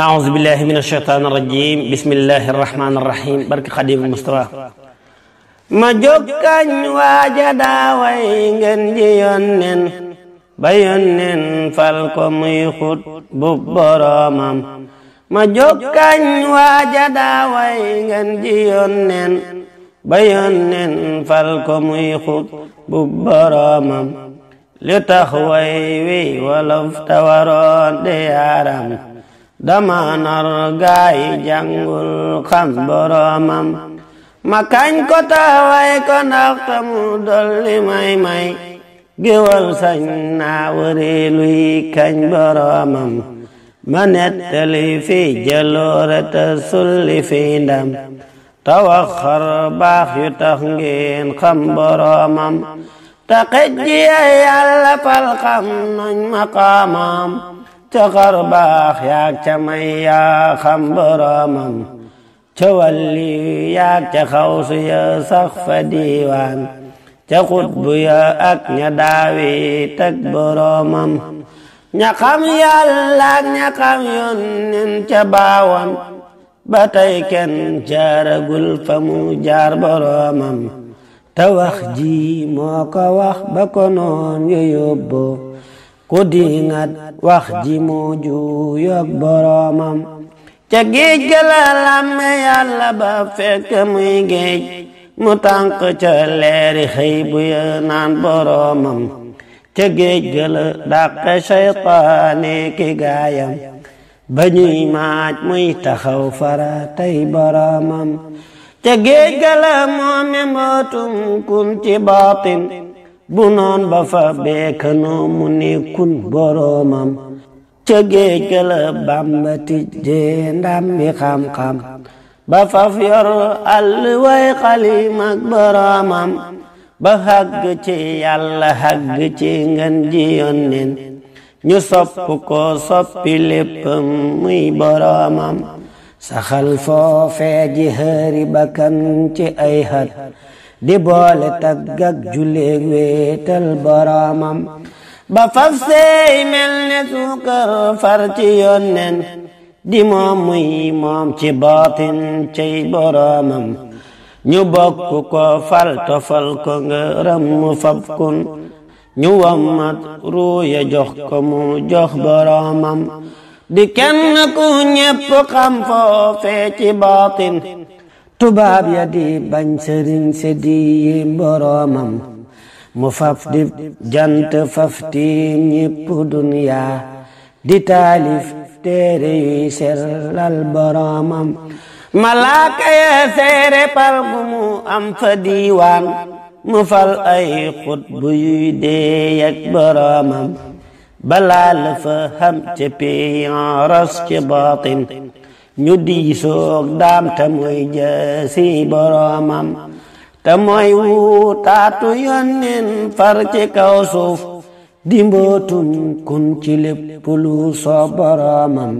aouzu billahi min asheytaan irajim bismillahi irrahman irrahim barke xadim Mustafa ma jokkañ waaja daaway ngeen ji yonnen ba yonnen fal ko muy xut bu boroomam ma jokkañ waaja daaway ngeen ji yonnen ba yonnen fal ko muy xut bu boroomam li tax way wi wolof tawaroon de yaaram dama nar gaay jàngul xam ma kañ ko taaway ko ndax tamu dolli may may géwal sañ naa wëreeluy kañ boromam ma nettali fi jaloore te sulli fi ta wax xar baax yu tax ngeen xam ta xejji ay yàlla fal xam nañ maqaamam ca xar baax yaag ca may yaa xam boromam ca walli yaag ca xawsu ya sax fa diiwaan ca xutbu ya ak ña daawi tag boromam ña xam yàlla ak xam yónnen ca baawam ba tey kenn jaaragul fa mu boromam te wax ji moo ko wax ba ko noon yo yóbbo ku dingat wax ji mu juyoog boroomam ca géej ga la làmme ba fekk muy géej mu tànk leeri xëy bu ya ca géej ga la dàqe ki gaayam ba ñuy maaj muy taxaw fara tey boroomam ca géej ga la moome mbootum kun ci baatin bu noon ba fa beekanoo mu ni kun boroomam ca géej ga la Bàmba tijjee ndam bi xam-xam ba faf yor àll way xalim ak boroomam ba xàgg ci yàlla xàgg ci ngan ji yónneen ñu sopp ko soppi léppam muy boroomam saxal foofee ji xëri bakkan ci ay xat di boole tagg ak julleeg wéetal boroomam ba faf sey mel ne suukar far ci yoon nen di moom muy moom ci baatin cey boroomam ñu bokk ko fal tofal ko ngërëm mu fab kun ñu wammat ruuya jox ko mu jox boroomam di kenn ku ñépp xam foofee ci baatin tubaab ya di bañ se di yi boroomam mu faf di jant faf tiim ñépp dunya di taalif téere yuy sellal boroomam malaaka ya seere pal gu am fa diiwaan mu fal ay xutbu yuy dee ak boroomam balaa la fa xam ca piyan ros ci baatin ñu diisoog daam te muy jësi boroomam te mooy wutaatu yónneen far ci kaw suuf kun ci lépp lu soob boroomam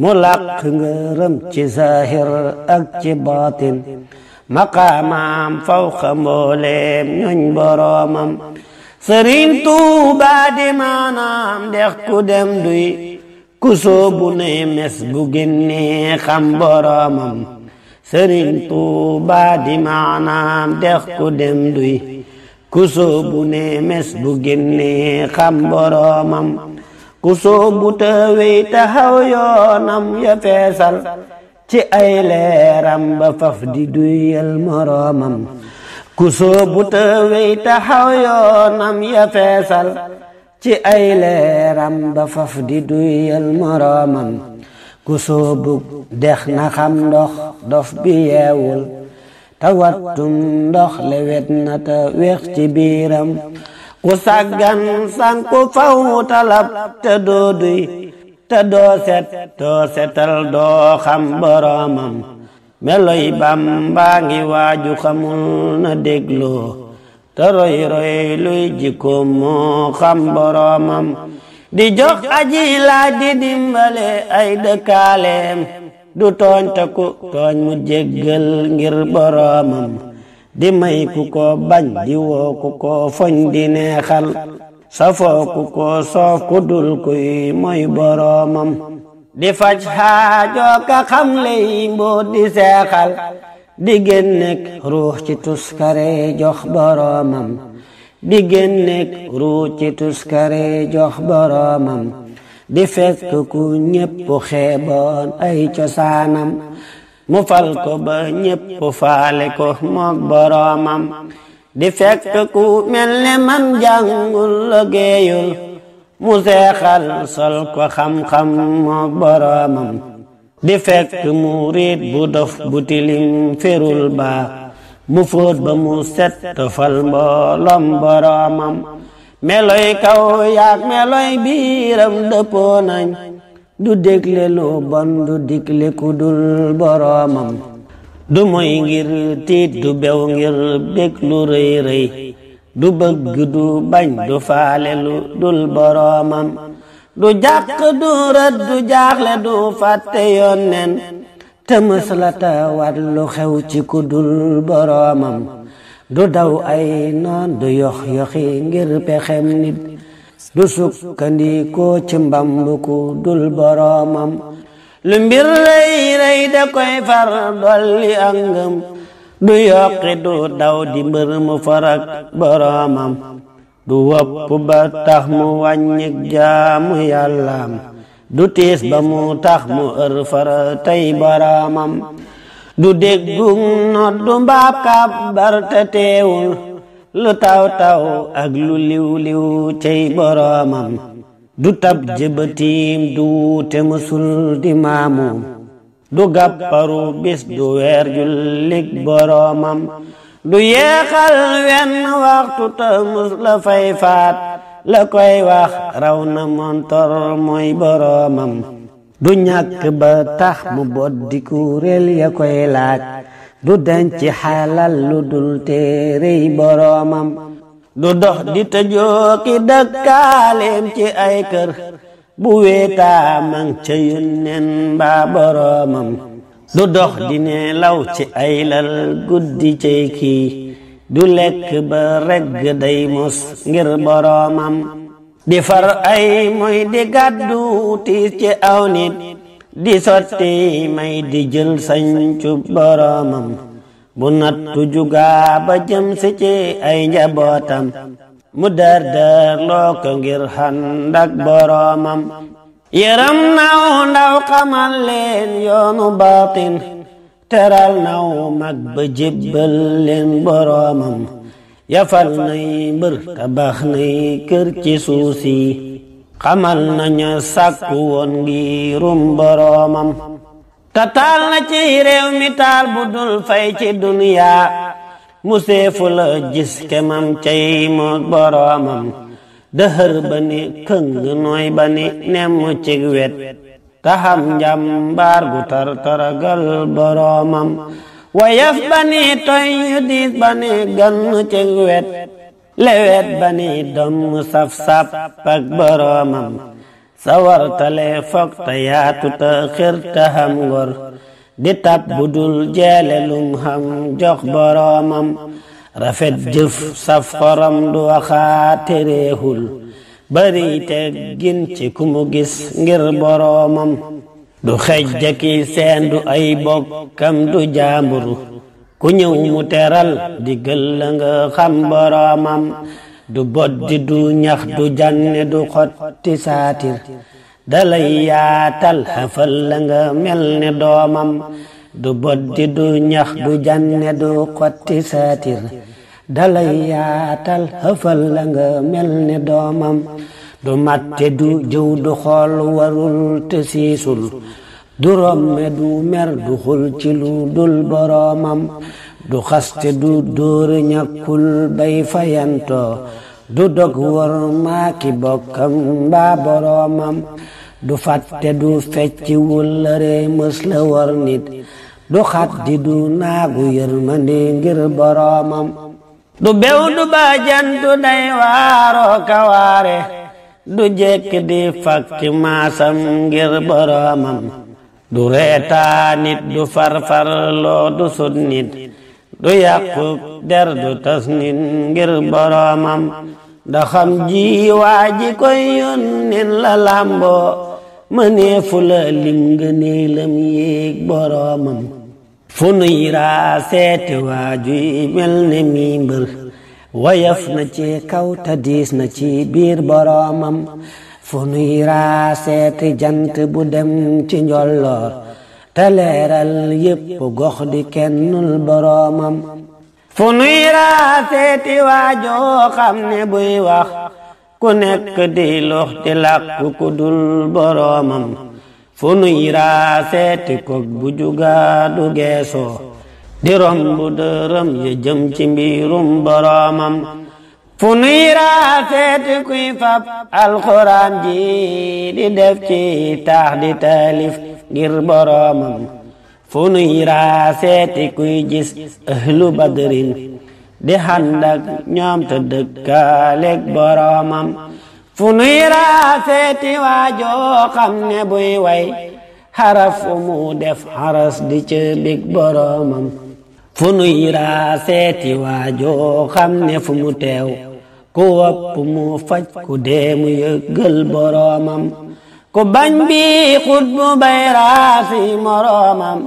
mu làq ngërëm ci zahir ak ci baatin maqaamaam fawqa mbooleem ñuñ boroomam sëriñ Tuubaa di maanaam dex ku dem duy ku soobu ne bu génnee xam boroomam tuuba di maanaam dex ku dem duy ku soobu ne bu génnee xam boroomam ku soobu te wey taxaw ya feesal ci ay leeram ba faf di duyal moroomam ku soobu te wey taxaw yoonam ya feesal ci ay leeram ba faf di duyal moroomam ku sóobu dex na xam ndox dof bi yeewul tawattum ndox lewet na te weex ci biiram ku sàggan sànku faw talab te doo duy te doo set doo setal doo xam boroomam meloy Bàmba ngi waaju xamul na dégloo te roy roy luy jikkoom moo xam boroomam di jox aji laaj di dimbale ay dëkkaaleem du tooñ te ku tooñ mu jéggal ngir boroomam di may ku ko bañ di woo ku ko foñ di neexal safoo ku ko soof ku dul kuy moy boroomam di faj xaajoo ka xam ley mboot di seexal diggéen nekk ruux ci tuskare jox boroomam diggéen nekk ruux ci tuskare jox boroomam di ku ñépp xeeboon ay cosaanam mu fal ko ba ñépp faale ko moog boroomam ku mel ne man jàngul liggéeyul mu seexal sol ko xam-xam moog boroomam di fekk murit bu dof bu tilim ferul baax mu fóot ba mu set tofal mbooloom boroomam meloy kaw yaak meloy biiram dëppoo du dégle lu bon du digle ku dul boroomam du moy ngir tiit du bew ngir bég rëy rëy du bëgg du bañ du faale lu dul boroomam du jàq du rët du jaaxle du fàtte yoon te mës la tawaat lu xew ci ku dul du daw ay noon du yox yoxi ngir pexem nit du sukkandikoo ci mbambu ku dul lu mbir rëy rëy da koy far dolli angam du yokki du daw di mbër mu farak boroomam du wopp ba tax mu wàññik jaamu yàllaam du tiis ba mu tax mu ër tey baraamam du déggug noot du mbaab kàbbar te teewul lu taw taw ak lu liw liw cey boroomam du tab jëbatiim du wuute musul di maamu du gàpparu bis du weer jullik boroomam du yeexal wenn waxtu te la fay faat la koy wax raw na montor mooy boroomam du ñàkk ba tax mu bot di kuréel ya koy laaj du ci xalal lu dul téerey boroomam du dox di tëjoo dëkkaaleem ci ay kër bu weetaa mang ca yunnen mbaa boroomam du dox di nelaw ci ay lal guddi cey du lekk ba regg day mus ngir boroomam di far ay muy di gàddu tiis ci aw nit di sotti may di jël sañcu boroomam bu nattu jugaa ba jëm si ci ay njabootam mu dër dër loo ko ngir xànd ak yërëm naw ndaw xamal leen yoonu baatin teral naw mag ba jébbal leen boroomam yafal nay mbër tabax nay kër ci suuf si xamal nañu sàkku woon ngirum boroomam te taal na ci réew mi taal bu dul fay ci duniyaa mu seefu la gis kemam cay mu boroomam dëhër ba ni këng nooy ba nemm cig wet taxam njàmbaar gu tar taragal boroomam wayaf ba ni toy yu diis ba gann cig wet lewet ba ni domm saf-sap ak boroomam sawartale fog te yaatu te xir te ngor di tab budul jeele lum xam jox boroomam rafet jëf saf xorom du waxaa tereehul bari teggin ci ku mu gis ngir boroomam du xej jëkki seen du ay bokkam du jaambur ku ñëw mu teral di la nga xam boroomam du boddi du ñax du janne du xotti saatir dalay yaatal xafal la nga mel ne doomam du boddi du ñax du janne du xotti saatir dalay yaatal xëfal la nga mel ni doomam du matte du jëw du xool warul te siisul du romme du mer du xul ci lu dul boroomam du xaste du dóore ñàkkul bay fayantoo du dog war maaki bokkam mbaa boroomam du fàtte du fecci wul lëre mës la war nit du xat du naagu yërmande ngir boroomam du bew du baajan du day waaroo kawaare du jekk di fakki maasam ngir boroomam du reetaa du farfar loo du sut du yàqu der du tas ngir boroomam da xam ji waa koy yoon la làmboo mënee lim ngëneelam yéeg boroomam fu nuy raa seeti waajuy mel ne mi mbër woyof na ci kaw ta diis na ci biir boroomam fu nuy raa seeti jant bu dem ci njolloor te leeral yépp gox di kennul boroomam fu nuy raa seeti waajoo xam ne buy wax ku nekk di lux di làkk ku dul boroomam fu nu yiraa seeti kog bu jugaa du geesoo di romb dërëm ya jëm ci mbirum boroomam fu nu yiraa seeti kuy fab alxuraan ji di def ci taax di taalif ngir boroomam fu nu yiraa seeti kuy gis ahlu badrin di xandak ñoom te dëkkaaleeg boroomam fu nuy raafeeti waajoo xam ne buy way xaraf mu def xaras di ca big boroomam fu nuy raafeeti waajoo xam ne fu mu teew ku wopp mu faj ku dee mu yëggal boroomam ku bañ bi xut bu bay raafi moroomam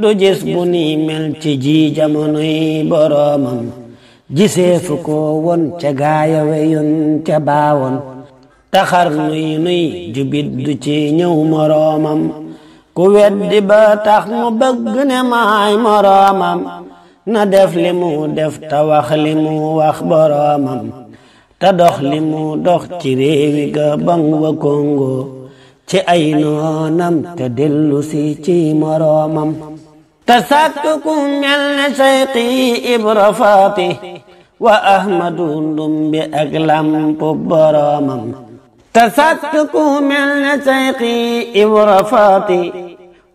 du gis bu ni mel ci ji jamonoy boroomam gisee fu ko won ca gaaya weyun ca baawoon taxar nuy nuy jubit du ci ñëw moroomam ku weddi ba tax mu bëgg ne maay moroomam na def li mu def te wax li mu wax boroomam te dox li mu dox ci réewi Gabon wa Congo ci ay noonam te dellu ci moroomam te sàkk ku mel ne Seyxi Ibra Faati wa Ahmadu Ndumbi ak lampu boroomam tasaatku mel ne sayxi ibra faati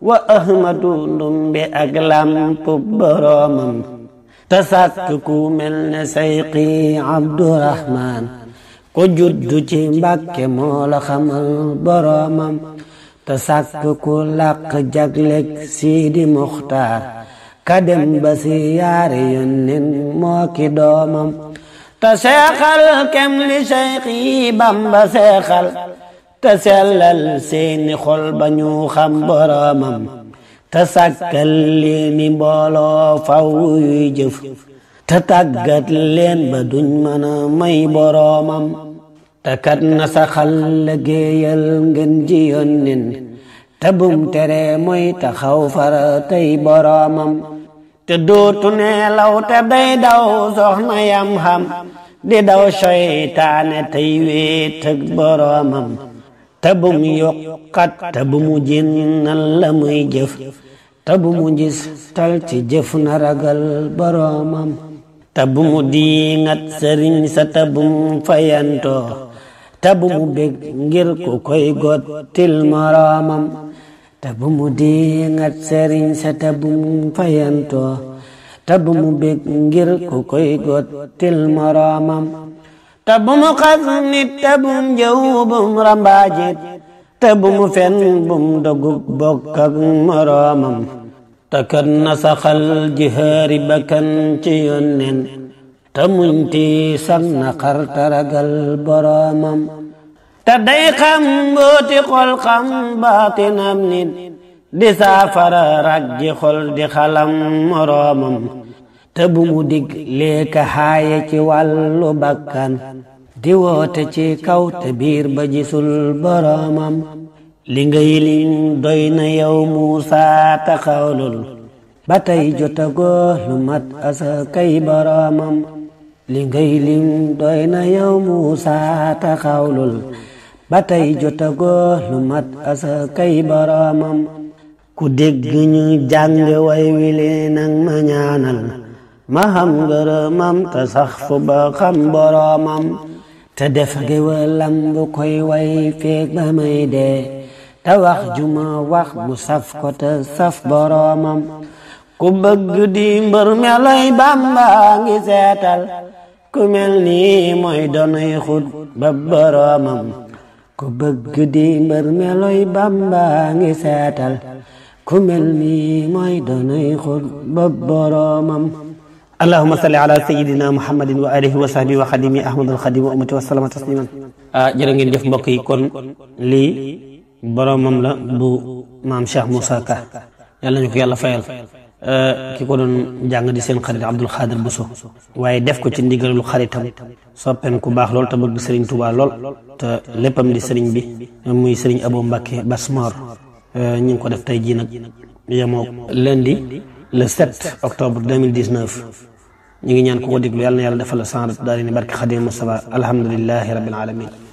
wa ahmadu ndumbe ak lampu boromam tasaatku mel ne sayxi abdurahman ko juddu ci mbàkke moo la xamal boromam tasaatku làq jaglek siidi muxtaar ka dem ba si yaari moo ki doomam te seexal kem li Seex Bamba seexal te sellal seeni xol ba ñu xam boromam te sàkkal leeni mbooloo faw yuy jëf te tàggat leen ba duñ mën a may boromam te kat na saxal liggéeyal ngeen ji yónneen te bum tere mooy taxaw fara tey boromam te dootu neelaw te day daw soxna yam xam di daw seytaane tey wéet boroomam te bu mu yokkat te bu mu jinnal la muy jëf te bu mu tal ci jëf na ragal boroomam te bu mu diingat sa te bu mu fayantoo te bu mu bég ngir ku gottil moroomam te bu mu diingat sëriñ sa te bu mu fayantoo te bu mu ngir ku gottil moroomam te bu mu xas nit te bu mu jëw bu mu fen bu dogub bokk ak moroomam te kan na saxal jihaari bakkan ci yónneen te muñ ti sang na xar taragal boroomam te day xam mbooti xol xam baatinam nit di saafara rag ji di xalam moroomam te bu mu leeka xaaye ci wàllu bakkan di woote ci kaw te biir ba gisul boroomam li ngay liñ doy na yow muusa taxawlul ba tey jotagoo lu mat asa kay boroomam li ngay liñ doy na yow muusa taxawlul ba tey jotagoo lu mat boroomam ku dégg ñu jàng way wile ma ñaanal ma xam ngërëmam te sax fu ba xam boroomam te def géwalam bu koy way feeg ba may dee te wax juma wax mu saf ko te saf boroomam ku bëgg di mbër melay Bàmba ngi seetal ku mel nii mooy donoy xut ba boroomam ku bëgg di mbër meloy bamba ngi seetal ku mel ni mooy doonay xul ba boroomam allahuma salli ala sayidina muhammadin wa alihi wa sahbihi wa xadimi ahmadul xadim wa ummati wa salama tasliman ah jërë ngeen jëf mbokk yi kon lii boroomam la bu maam Cheikh Moussa Ka yàlla nañu ko fayal Eh, ki ko doon jàng di seen xarit Abdul Xaadir Buso waaye def ko ci ndigalul xaritam soppeen ku baax lool te bëgg sëriñ Tuubaa lool te léppam di sëriñ bi muy sëriñ Abu Mbàkke Basmor eh, ñu ngi ko def tey jii nag yemoo lundi le 7 octobre 2019 ñu ngi ñaan ku ko déglu yàlla na yàlla defal la sànq daal di ne barke Xaadim Mustafaa alhamdulilahi rabbil alamin